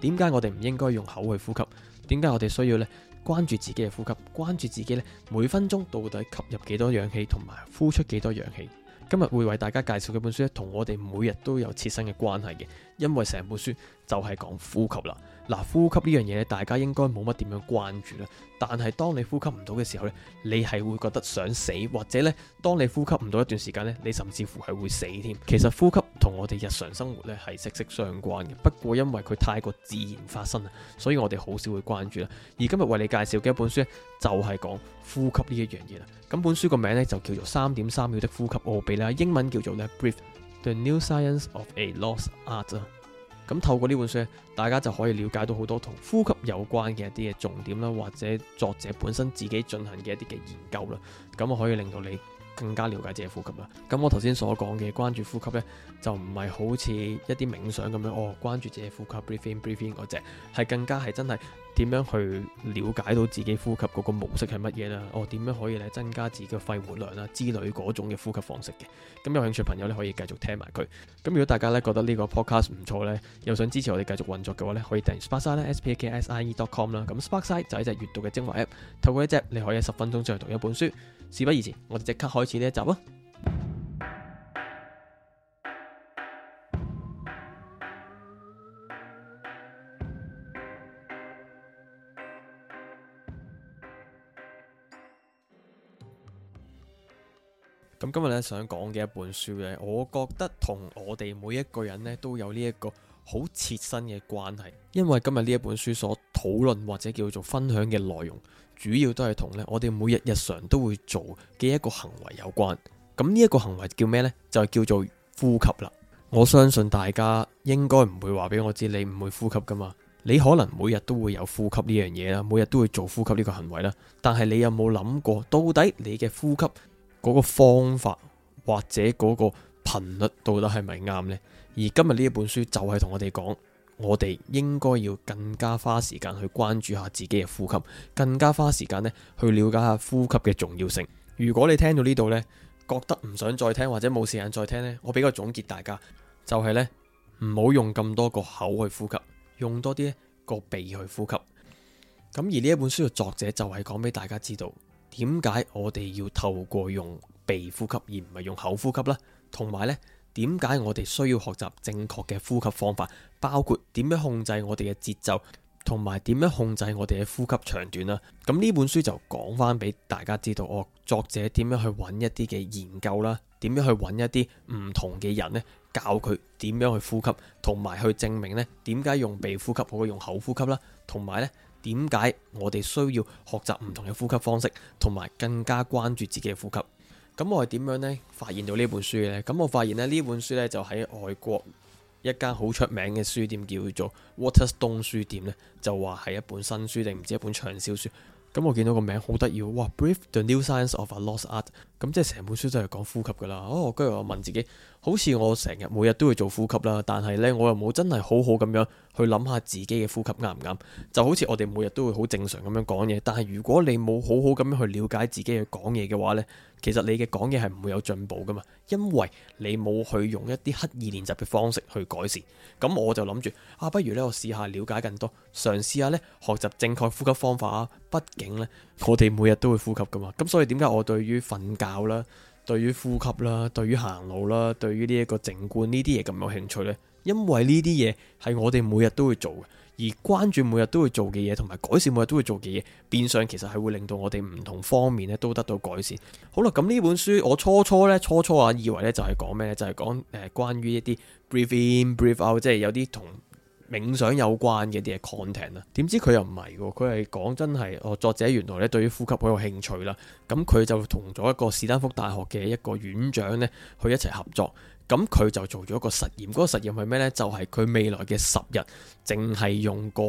點解我哋唔應該用口去呼吸？點解我哋需要咧關注自己嘅呼吸？關注自己咧每分鐘到底吸入幾多氧氣同埋呼出幾多氧氣？今日會為大家介紹嘅本書咧，同我哋每日都有切身嘅關係嘅，因為成本書就係講呼吸啦。嗱，呼吸呢樣嘢咧，大家應該冇乜點樣關注啦。但係當你呼吸唔到嘅時候咧，你係會覺得想死，或者咧，當你呼吸唔到一段時間咧，你甚至乎係會死添。其實呼吸同我哋日常生活咧係息息相關嘅，不過因為佢太過自然發生啊，所以我哋好少會關注啦。而今日為你介紹嘅一本書就係講呼吸呢一樣嘢啦。咁本書個名咧就叫做《三點三秒的呼吸奧秘》啦，英文叫做咧《Breath: The New Science of a Lost Art》。咁透過呢本書，大家就可以了解到好多同呼吸有關嘅一啲嘅重點啦，或者作者本身自己進行嘅一啲嘅研究啦，咁可以令到你，更加了解自己呼吸啦。咁我頭先所講嘅關注呼吸呢，就唔係好似一啲冥想咁樣哦。關注自己呼吸 briefing briefing 嗰隻係更加係真係點樣去了解到自己呼吸嗰個模式係乜嘢啦？哦，點樣可以咧增加自己嘅肺活量啦、啊、之類嗰種嘅呼吸方式嘅。咁有興趣朋友咧可以繼續聽埋佢。咁如果大家咧覺得呢個 podcast 唔錯呢，又想支持我哋繼續運作嘅話呢，可以訂閱 Sparkside 咧 spkse.com 啦。咁 Sparkside 就係隻閱讀嘅精華 App，透過一隻你可以十分鐘就嚟讀一本書。事不宜遲，我哋即刻開始呢一集咯。咁今日咧想講嘅一本書咧，我覺得同我哋每一個人咧都有呢一個。好切身嘅關係，因為今日呢一本書所討論或者叫做分享嘅內容，主要都係同咧我哋每日日常都會做嘅一個行為有關。咁呢一個行為叫咩呢？就係叫做呼吸啦。我相信大家應該唔會話俾我知你唔會呼吸㗎嘛。你可能每日都會有呼吸呢樣嘢啦，每日都會做呼吸呢個行為啦。但係你有冇諗過，到底你嘅呼吸嗰個方法或者嗰個頻率到底係咪啱呢？而今日呢一本書就係同我哋講，我哋應該要更加花時間去關注下自己嘅呼吸，更加花時間呢去了解下呼吸嘅重要性。如果你聽到呢度呢，覺得唔想再聽或者冇時間再聽呢，我俾個總結大家，就係呢：唔好用咁多個口去呼吸，用多啲個鼻去呼吸。咁而呢一本書嘅作者就係講俾大家知道，點解我哋要透過用鼻呼吸而唔係用口呼吸啦，同埋呢。點解我哋需要學習正確嘅呼吸方法，包括點樣控制我哋嘅節奏，同埋點樣控制我哋嘅呼吸長短啦？咁呢本書就講翻俾大家知道，我作者點樣去揾一啲嘅研究啦，點樣去揾一啲唔同嘅人呢，教佢點樣去呼吸，同埋去證明呢點解用鼻呼吸好過用口呼吸啦，同埋呢點解我哋需要學習唔同嘅呼吸方式，同埋更加關注自己嘅呼吸。咁我係點樣咧發現到呢本書咧？咁我發現咧呢本書咧就喺外國一間好出名嘅書店叫做 Waterstone 書店咧，就話係一本新書定唔知一本暢銷書。咁我見到個名好得意，哇！Breath: The New Science of a Lost Art。咁即係成本書都係講呼吸噶啦。哦，我跟住我問自己，好似我成日每日都會做呼吸啦，但係呢，我又冇真係好好咁樣去諗下自己嘅呼吸啱唔啱。就好似我哋每日都會好正常咁樣講嘢，但係如果你冇好好咁樣去了解自己嘅講嘢嘅話呢，其實你嘅講嘢係唔會有進步噶嘛，因為你冇去用一啲刻意練習嘅方式去改善。咁我就諗住啊，不如呢，我試下了解更多，嘗試下呢，學習正確呼吸方法啊。畢竟呢，我哋每日都會呼吸噶嘛，咁所以點解我對於瞓覺啦，對於呼吸啦，對於行路啦，對於呢一個靜觀呢啲嘢咁有興趣呢？因為呢啲嘢係我哋每日都會做嘅，而關注每日都會做嘅嘢，同埋改善每日都會做嘅嘢，變相其實係會令到我哋唔同方面咧都得到改善。好啦，咁呢本書我初初呢，初初啊以為呢就係講咩呢？就係講誒關於一啲 breath in breath out，即係有啲同冥想有關嘅啲嘢 content 啊，點知佢又唔係喎，佢係講真係，哦作者原來咧對於呼吸好有興趣啦，咁佢就同咗一個史丹福大學嘅一個院長咧去一齊合作，咁佢就做咗一個實驗，嗰個實驗係咩呢？就係佢未來嘅十日，淨係用個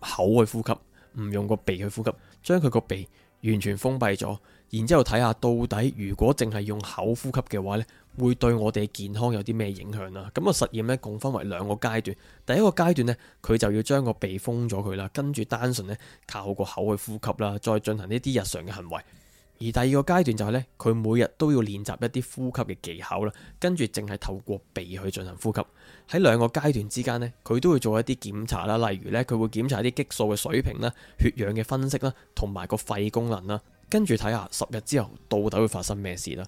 口去呼吸，唔用個鼻去呼吸，將佢個鼻完全封閉咗，然之後睇下到底如果淨係用口呼吸嘅話呢。會對我哋嘅健康有啲咩影響啦？咁個實驗咧共分為兩個階段，第一個階段咧佢就要將個鼻封咗佢啦，跟住單純咧靠個口去呼吸啦，再進行呢啲日常嘅行為。而第二個階段就係咧佢每日都要練習一啲呼吸嘅技巧啦，跟住淨係透過鼻去進行呼吸。喺兩個階段之間咧，佢都會做一啲檢查啦，例如咧佢會檢查啲激素嘅水平啦、血氧嘅分析啦，同埋個肺功能啦，跟住睇下十日之後到底會發生咩事啦。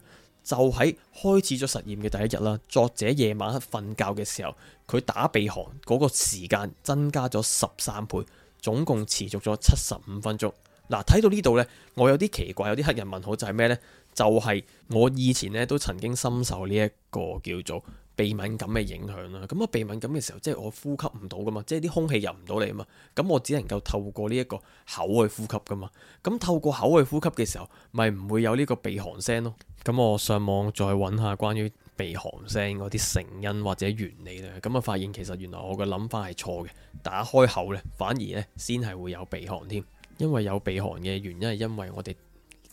就喺開始咗實驗嘅第一日啦，作者夜晚黑瞓覺嘅時候，佢打鼻鼾嗰個時間增加咗十三倍，總共持續咗七十五分鐘。嗱、啊，睇到呢度呢，我有啲奇怪，有啲黑人問號就係咩呢？就係、是、我以前呢都曾經深受呢一個叫做。鼻敏感嘅影響啦，咁啊鼻敏感嘅時候，即係我呼吸唔到噶嘛，即係啲空氣入唔到嚟啊嘛，咁我只能夠透過呢一個口去呼吸噶嘛，咁透過口去呼吸嘅時候，咪唔會有呢個鼻鼾聲咯。咁我上網再揾下關於鼻鼾聲嗰啲成因或者原理咧，咁啊發現其實原來我嘅諗法係錯嘅，打開口呢，反而呢先係會有鼻鼾添，因為有鼻鼾嘅原因係因為我哋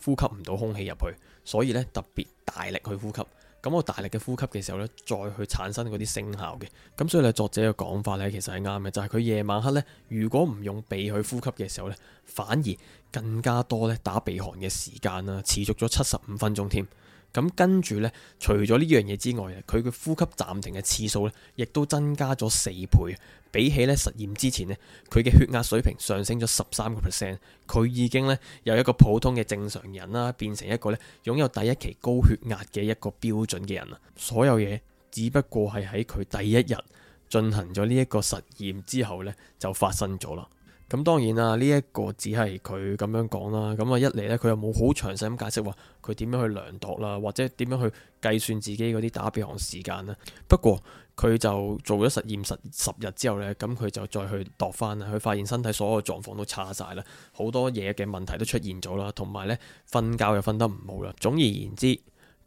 呼吸唔到空氣入去，所以呢特別大力去呼吸。咁我大力嘅呼吸嘅時候咧，再去產生嗰啲聲效嘅。咁所以咧，作者嘅講法咧，其實係啱嘅。就係佢夜晚黑咧，如果唔用鼻去呼吸嘅時候咧，反而更加多咧打鼻鼾嘅時間啦，持續咗七十五分鐘添。咁跟住咧，除咗呢樣嘢之外，佢嘅呼吸暫停嘅次數咧，亦都增加咗四倍。比起咧實驗之前呢，佢嘅血壓水平上升咗十三個 percent，佢已經咧由一個普通嘅正常人啦，變成一個咧擁有第一期高血壓嘅一個標準嘅人啦。所有嘢只不過係喺佢第一日進行咗呢一個實驗之後咧就發生咗啦。咁當然啦，呢一個只係佢咁樣講啦。咁啊一嚟咧，佢又冇好詳細咁解釋話佢點樣去量度啦，或者點樣去計算自己嗰啲打鼻鼾時間啦。不過，佢就做咗實驗十十日之後呢，咁佢就再去度翻啦。佢發現身體所有狀況都差晒啦，好多嘢嘅問題都出現咗啦，同埋呢瞓覺又瞓得唔好啦。總而言之，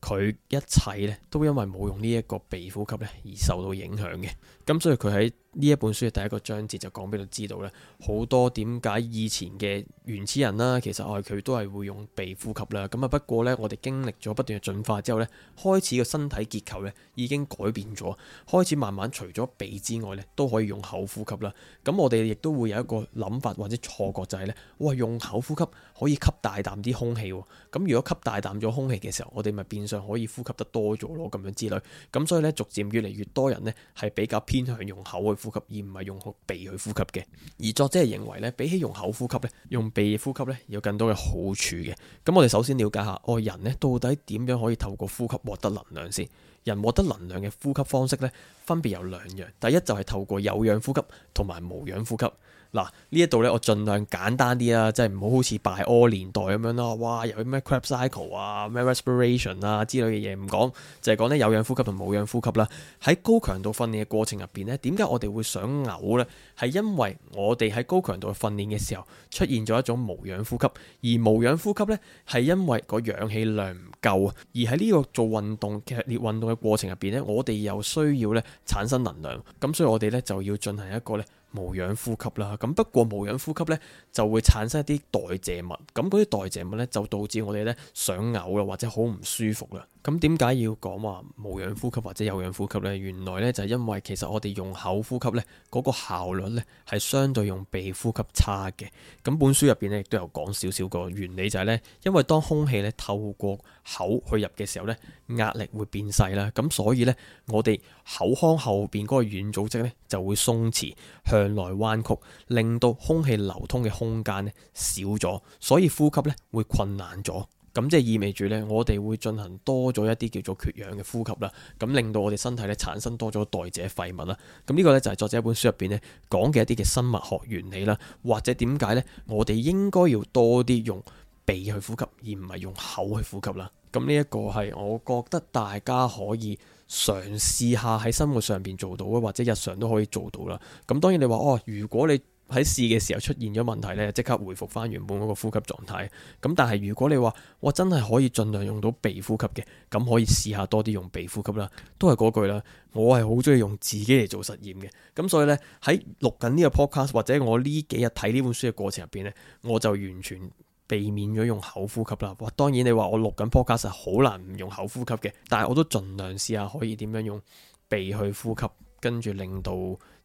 佢一切呢都因為冇用呢一個鼻呼吸呢而受到影響嘅。咁所以佢喺呢一本書嘅第一個章節就講俾佢知道咧，好多點解以前嘅原始人啦，啊，其實，我、啊、佢都係會用鼻呼吸啦。咁啊不過咧，我哋經歷咗不斷嘅進化之後咧，開始個身體結構咧已經改變咗，開始慢慢除咗鼻之外咧都可以用口呼吸啦。咁我哋亦都會有一個諗法或者錯覺就係、是、咧，哇，用口呼吸可以吸大啖啲空氣，哦，咁如果吸大啖咗空氣嘅時候，我哋咪變相可以呼吸得多咗咯，咁樣之類。咁所以咧，逐漸越嚟越多人咧係比較偏。偏向用口去呼吸，而唔係用鼻去呼吸嘅。而作者係認為咧，比起用口呼吸咧，用鼻呼吸咧有更多嘅好處嘅。咁我哋首先了解下，我人咧到底點樣可以透過呼吸獲得能量先？人獲得能量嘅呼吸方式咧，分別有兩樣。第一就係透過有氧呼吸同埋無氧呼吸。嗱，呢一度咧，我盡量簡單啲啦，即係唔好好似 bio 年代咁樣咯。哇，又去咩 crab cycle 啊，咩 respiration 啊之類嘅嘢唔講，就係講呢有氧呼吸同無氧呼吸啦。喺高強度訓練嘅過程入邊呢，點解我哋會想嘔呢？係因為我哋喺高強度嘅訓練嘅時候，出現咗一種無氧呼吸，而無氧呼吸呢，係因為個氧氣量唔夠啊。而喺呢個做運動劇烈運動嘅過程入邊呢，我哋又需要呢產生能量，咁所以我哋呢，就要進行一個呢。無氧呼吸啦，咁不過無氧呼吸咧就會產生一啲代謝物，咁嗰啲代謝物咧就導致我哋咧想嘔啦，或者好唔舒服啦。咁點解要講話無氧呼吸或者有氧呼吸呢？原來呢，就係因為其實我哋用口呼吸呢，嗰個效率呢係相對用鼻呼吸差嘅。咁本書入邊呢，亦都有講少少個原理，就係呢：因為當空氣呢透過口去入嘅時候呢，壓力會變細啦，咁所以呢，我哋口腔後邊嗰個軟組織呢，就會鬆弛向內彎曲，令到空氣流通嘅空間呢少咗，所以呼吸呢會困難咗。咁即係意味住呢，我哋會進行多咗一啲叫做缺氧嘅呼吸啦，咁令到我哋身體咧產生多咗代謝廢物啦。咁、這、呢個呢，就係作者一本書入邊咧講嘅一啲嘅生物學原理啦，或者點解呢？我哋應該要多啲用鼻去呼吸，而唔係用口去呼吸啦。咁呢一個係我覺得大家可以嘗試下喺生活上邊做到啊，或者日常都可以做到啦。咁當然你話哦，如果你喺試嘅時候出現咗問題咧，即刻回復翻原本嗰個呼吸狀態。咁但係如果你話我真係可以盡量用到鼻呼吸嘅，咁可以試下多啲用鼻呼吸啦。都係嗰句啦，我係好中意用自己嚟做實驗嘅。咁所以呢，喺錄緊呢個 podcast 或者我呢幾日睇呢本書嘅過程入邊呢，我就完全避免咗用口呼吸啦。哇，當然你話我錄緊 podcast 好難唔用口呼吸嘅，但係我都盡量試下可以點樣用鼻去呼吸。跟住令到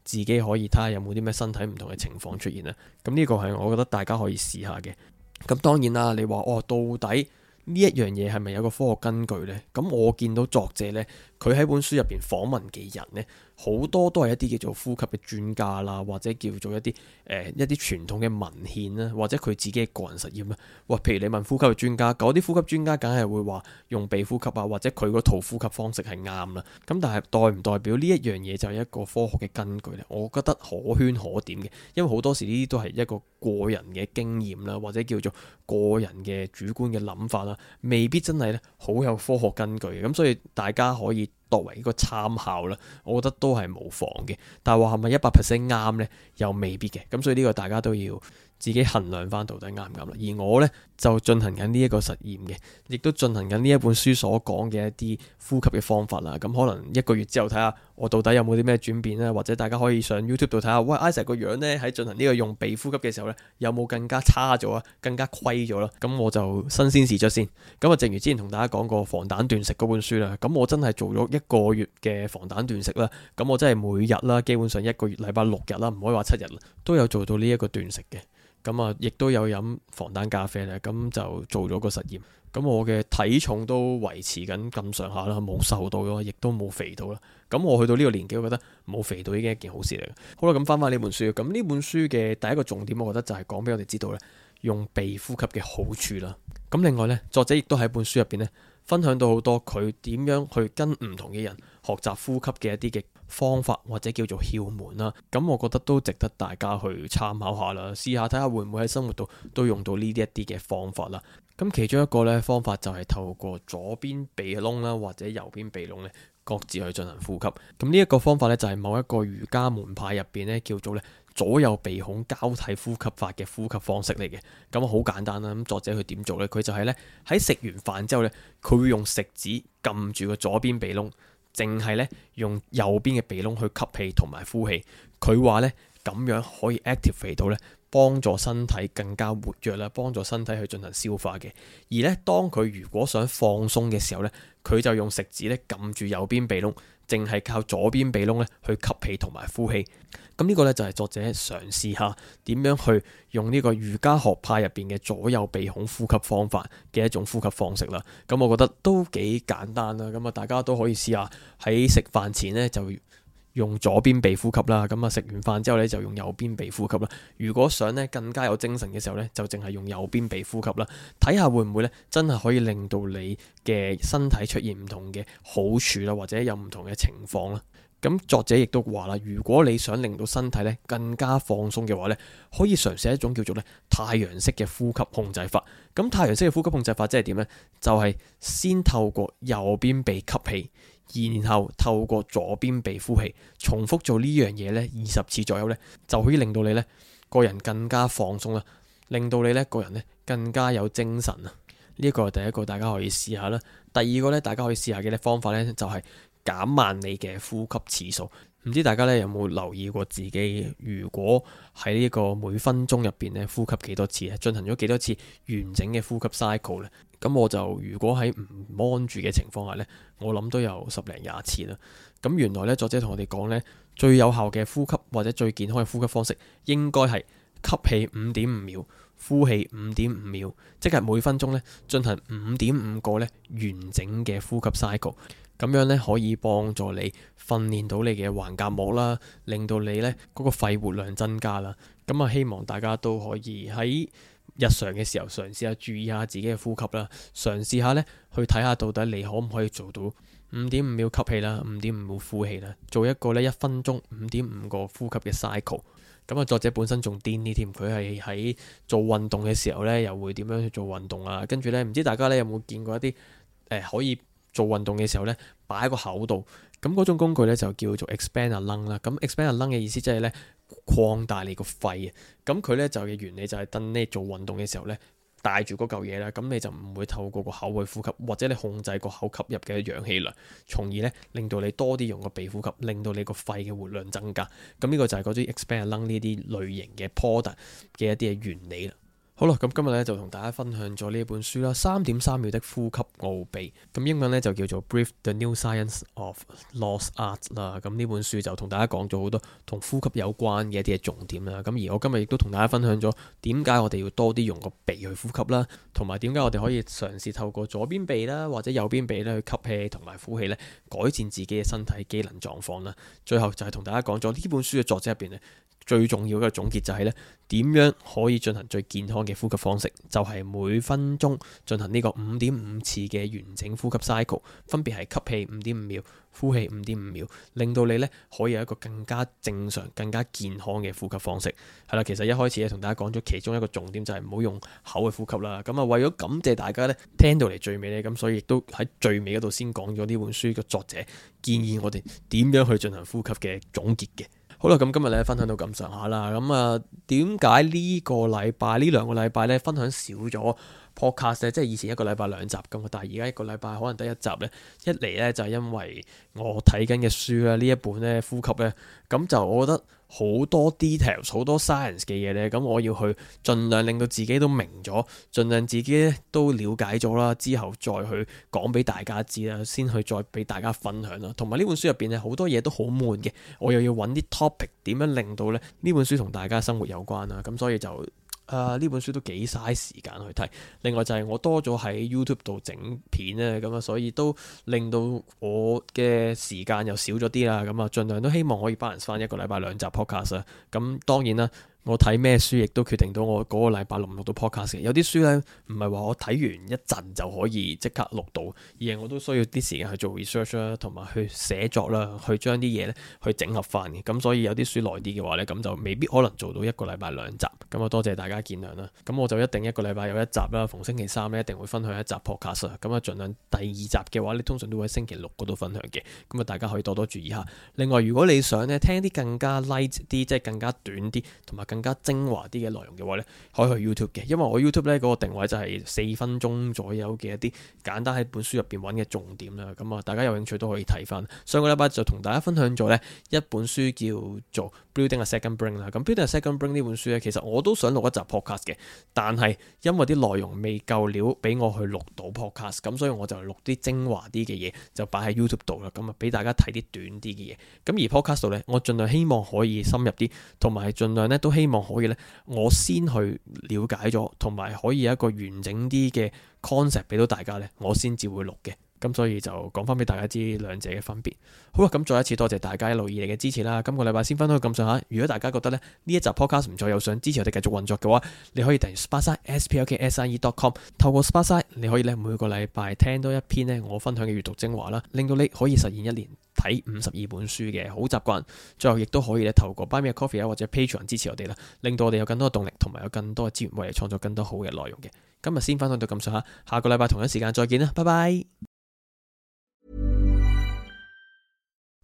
自己可以睇下有冇啲咩身體唔同嘅情況出現啊。咁呢個係我覺得大家可以試下嘅。咁當然啦，你話哦，到底呢一樣嘢係咪有個科學根據呢？咁我見到作者呢。佢喺本書入邊訪問嘅人呢，好多都係一啲叫做呼吸嘅專家啦，或者叫做一啲誒、呃、一啲傳統嘅文獻啦，或者佢自己嘅個人實驗啦。哇，譬如你問呼吸嘅專家，嗰啲呼吸專家梗係會話用鼻呼吸啊，或者佢嗰套呼吸方式係啱啦。咁但係代唔代表呢一樣嘢就係一個科學嘅根據呢？我覺得可圈可點嘅，因為好多時呢啲都係一個個人嘅經驗啦，或者叫做個人嘅主觀嘅諗法啦，未必真係咧好有科學根據嘅。咁所以大家可以。作為一個參考啦，我覺得都係無妨嘅。但係話係咪一百 percent 啱呢？又未必嘅。咁所以呢個大家都要。自己衡量翻到底啱唔啱啦，而我呢，就進行緊呢一個實驗嘅，亦都進行緊呢一本書所講嘅一啲呼吸嘅方法啦。咁可能一個月之後睇下我到底有冇啲咩轉變呢？或者大家可以上 YouTube 度睇下，喂，Isaac 個樣呢喺進行呢個用鼻呼吸嘅時候呢，有冇更加差咗啊，更加虧咗咯？咁我就新鮮試咗先。咁啊，正如之前同大家講過防彈斷食嗰本書啦，咁我真係做咗一個月嘅防彈斷食啦。咁我真係每日啦，基本上一個月禮拜六日啦，唔可以話七日啦，都有做到呢一個斷食嘅。咁啊，亦都有飲防彈咖啡咧，咁就做咗個實驗。咁我嘅體重都維持緊咁上下啦，冇瘦到咯，亦都冇肥到啦。咁我去到呢個年紀，我覺得冇肥到已經係一件好事嚟嘅。好啦，咁翻翻呢本書，咁呢本書嘅第一個重點，我覺得就係講俾我哋知道咧，用鼻呼吸嘅好處啦。咁另外呢，作者亦都喺本書入邊呢，分享到好多佢點樣去跟唔同嘅人學習呼吸嘅一啲嘅方法或者叫做竅門啦，咁我覺得都值得大家去參考下啦，試下睇下會唔會喺生活度都用到呢啲一啲嘅方法啦。咁其中一個呢方法就係透過左邊鼻窿啦，或者右邊鼻窿呢各自去進行呼吸。咁呢一個方法呢，就係某一個瑜伽門派入邊呢叫做呢左右鼻孔交替呼吸法嘅呼吸方式嚟嘅。咁好簡單啦，咁作者佢點做呢？佢就係呢：喺食完飯之後呢，佢會用食指撳住個左邊鼻窿。淨係咧用右邊嘅鼻窿去吸氣同埋呼氣，佢話咧咁樣可以 activate 到咧，幫助身體更加活躍啦，幫助身體去進行消化嘅。而咧當佢如果想放鬆嘅時候咧，佢就用食指咧撳住右邊鼻窿。淨係靠左邊鼻窿咧去吸氣同埋呼氣，咁呢個咧就係作者嘗試下點樣去用呢個瑜伽學派入邊嘅左右鼻孔呼吸方法嘅一種呼吸方式啦。咁我覺得都幾簡單啦，咁啊大家都可以試下喺食飯前咧就。用左邊鼻呼吸啦，咁啊食完飯之後咧就用右邊鼻呼吸啦。如果想咧更加有精神嘅時候咧，就淨係用右邊鼻呼吸啦。睇下會唔會咧真係可以令到你嘅身體出現唔同嘅好處啦，或者有唔同嘅情況啦。咁作者亦都話啦，如果你想令到身體咧更加放鬆嘅話咧，可以嘗試一種叫做咧太陽式嘅呼吸控制法。咁太陽式嘅呼吸控制法即係點咧？就係先透過右邊鼻吸氣。然後透過左邊鼻呼氣，重複做呢樣嘢呢，二十次左右呢，就可以令到你呢個人更加放鬆啦，令到你呢個人呢更加有精神啊！呢一個係第一個大家可以試下啦。第二個呢，大家可以試下嘅方法呢，就係減慢你嘅呼吸次數。唔知大家呢有冇留意過自己，如果喺呢個每分鐘入邊呢呼吸幾多次，進行咗幾多次完整嘅呼吸 cycle 呢？咁我就如果喺唔安住嘅情況下呢，我諗都有十零廿次啦。咁原來呢，作者同我哋講呢，最有效嘅呼吸或者最健康嘅呼吸方式，應該係吸氣五點五秒，呼氣五點五秒，即係每分鐘呢進行五點五個呢完整嘅呼吸 cycle。咁樣呢，可以幫助你訓練到你嘅橫膈膜啦，令到你呢嗰個肺活量增加啦。咁啊，希望大家都可以喺～日常嘅時候，嘗試下注意下自己嘅呼吸啦，嘗試下呢，去睇下到底你可唔可以做到五點五秒吸氣啦，五點五秒呼氣啦，做一個呢一分鐘五點五個呼吸嘅 cycle。咁啊，作者本身仲癲啲添，佢係喺做運動嘅時候呢，又會點樣去做運動啊？跟住呢，唔知大家呢有冇見過一啲可以做運動嘅時候呢，擺喺個口度，咁嗰種工具呢，就叫做 Expand-A-Lung 啦。咁 Expand-A-Lung 嘅意思即係呢。擴大你個肺，咁佢呢就嘅原理就係等你做運動嘅時候呢，帶住嗰嚿嘢啦，咁你就唔會透過個口去呼吸，或者你控制個口吸入嘅氧氣量，從而呢令到你多啲用個鼻呼吸，令到你個肺嘅活量增加，咁呢個就係嗰啲 expand lung 呢啲類型嘅 product 嘅一啲嘅原理啦。好啦，咁今日咧就同大家分享咗呢一本書啦，《三點三秒的呼吸奧秘》，咁英文咧就叫做《Breath the New Science of Lost Art》啦。咁呢本書就同大家講咗好多同呼吸有關嘅一啲重點啦。咁而我今日亦都同大家分享咗點解我哋要多啲用個鼻去呼吸啦，同埋點解我哋可以嘗試透過左邊鼻啦或者右邊鼻咧去吸氣同埋呼氣咧，改善自己嘅身體機能狀況啦。最後就係同大家講咗呢本書嘅作者入邊咧。最重要嘅總結就係咧，點樣可以進行最健康嘅呼吸方式？就係每分鐘進行呢個五點五次嘅完整呼吸 cycle，分別係吸氣五點五秒，呼氣五點五秒，令到你咧可以有一個更加正常、更加健康嘅呼吸方式。係啦，其實一開始咧同大家講咗其中一個重點就係唔好用口去呼吸啦。咁啊，為咗感謝大家咧聽到嚟最尾咧，咁所以亦都喺最尾嗰度先講咗呢本書嘅作者建議我哋點樣去進行呼吸嘅總結嘅。好啦，咁今日咧分享到咁上下啦。咁啊，點解呢個禮拜呢兩個禮拜咧分享少咗？podcast 即係以前一個禮拜兩集咁，但係而家一個禮拜可能得一集。呢一嚟呢，就係因為我睇緊嘅書啦，呢一本呢，呼吸呢，咁就我覺得好多 details 好多 science 嘅嘢呢。咁我要去盡量令到自己都明咗，盡量自己都了解咗啦，之後再去講俾大家知啦，先去再俾大家分享啦。同埋呢本書入邊呢好多嘢都好悶嘅，我又要揾啲 topic 點樣令到呢呢本書同大家生活有關啦，咁所以就。啊！呢本書都幾嘥時間去睇，另外就係我多咗喺 YouTube 度整片咧，咁、嗯、啊，所以都令到我嘅時間又少咗啲啦。咁、嗯、啊，盡量都希望可以幫人翻一個禮拜兩集 Podcast 啊、嗯。咁當然啦。我睇咩書，亦都決定到我嗰個禮拜錄唔錄到 podcast 嘅。有啲書呢，唔係話我睇完一陣就可以即刻錄到，而係我都需要啲時間去做 research 啦，同埋去寫作啦、啊，去將啲嘢呢去整合翻嘅。咁所以有啲書耐啲嘅話呢，咁就未必可能做到一個禮拜兩集。咁啊，多謝大家見諒啦。咁我就一定一個禮拜有一集啦。逢星期三呢，一定會分享一集 podcast 啊。咁啊，儘量第二集嘅話，你通常都會喺星期六嗰度分享嘅。咁啊，大家可以多多注意下。另外，如果你想呢聽啲更加 light 啲，即係更加短啲，同埋。更加精華啲嘅內容嘅話呢，可以去 YouTube 嘅，因為我 YouTube 呢，嗰個定位就係四分鐘左右嘅一啲簡單喺本書入邊揾嘅重點啦。咁啊，大家有興趣都可以睇返。上個禮拜就同大家分享咗呢一本書叫做《Building a Second Brain》啦。咁《Building a Second Brain》呢本書呢，其實我都想錄一集 Podcast 嘅，但係因為啲內容未夠料俾我去錄到 Podcast，咁所以我就錄啲精華啲嘅嘢，就擺喺 YouTube 度啦。咁啊，俾大家睇啲短啲嘅嘢。咁而 Podcast 度咧，我儘量希望可以深入啲，同埋係儘量呢都希希望可以咧，我先去了解咗，同埋可以有一個完整啲嘅 concept 俾到大家咧，我先至會錄嘅。咁所以就講翻俾大家知兩者嘅分別。好啦，咁再一次多謝大家一路以嚟嘅支持啦。今個禮拜先分享到咁上下。如果大家覺得咧呢一集 podcast 唔再有，想支持我哋繼續運作嘅話，你可以訂閱 Sparksine sparksine.com。透過 Sparksine 你可以每個禮拜聽多一篇咧我分享嘅閱讀精華啦，令到你可以實現一年睇五十二本書嘅好習慣。最後亦都可以透過 Buy Me a Coffee 或者 Patreon 支持我哋啦，令到我哋有更多嘅動力同埋有更多嘅資源，為你創作更多好嘅內容嘅。今日先分享到咁上下，下個禮拜同一時間再見啦，拜拜。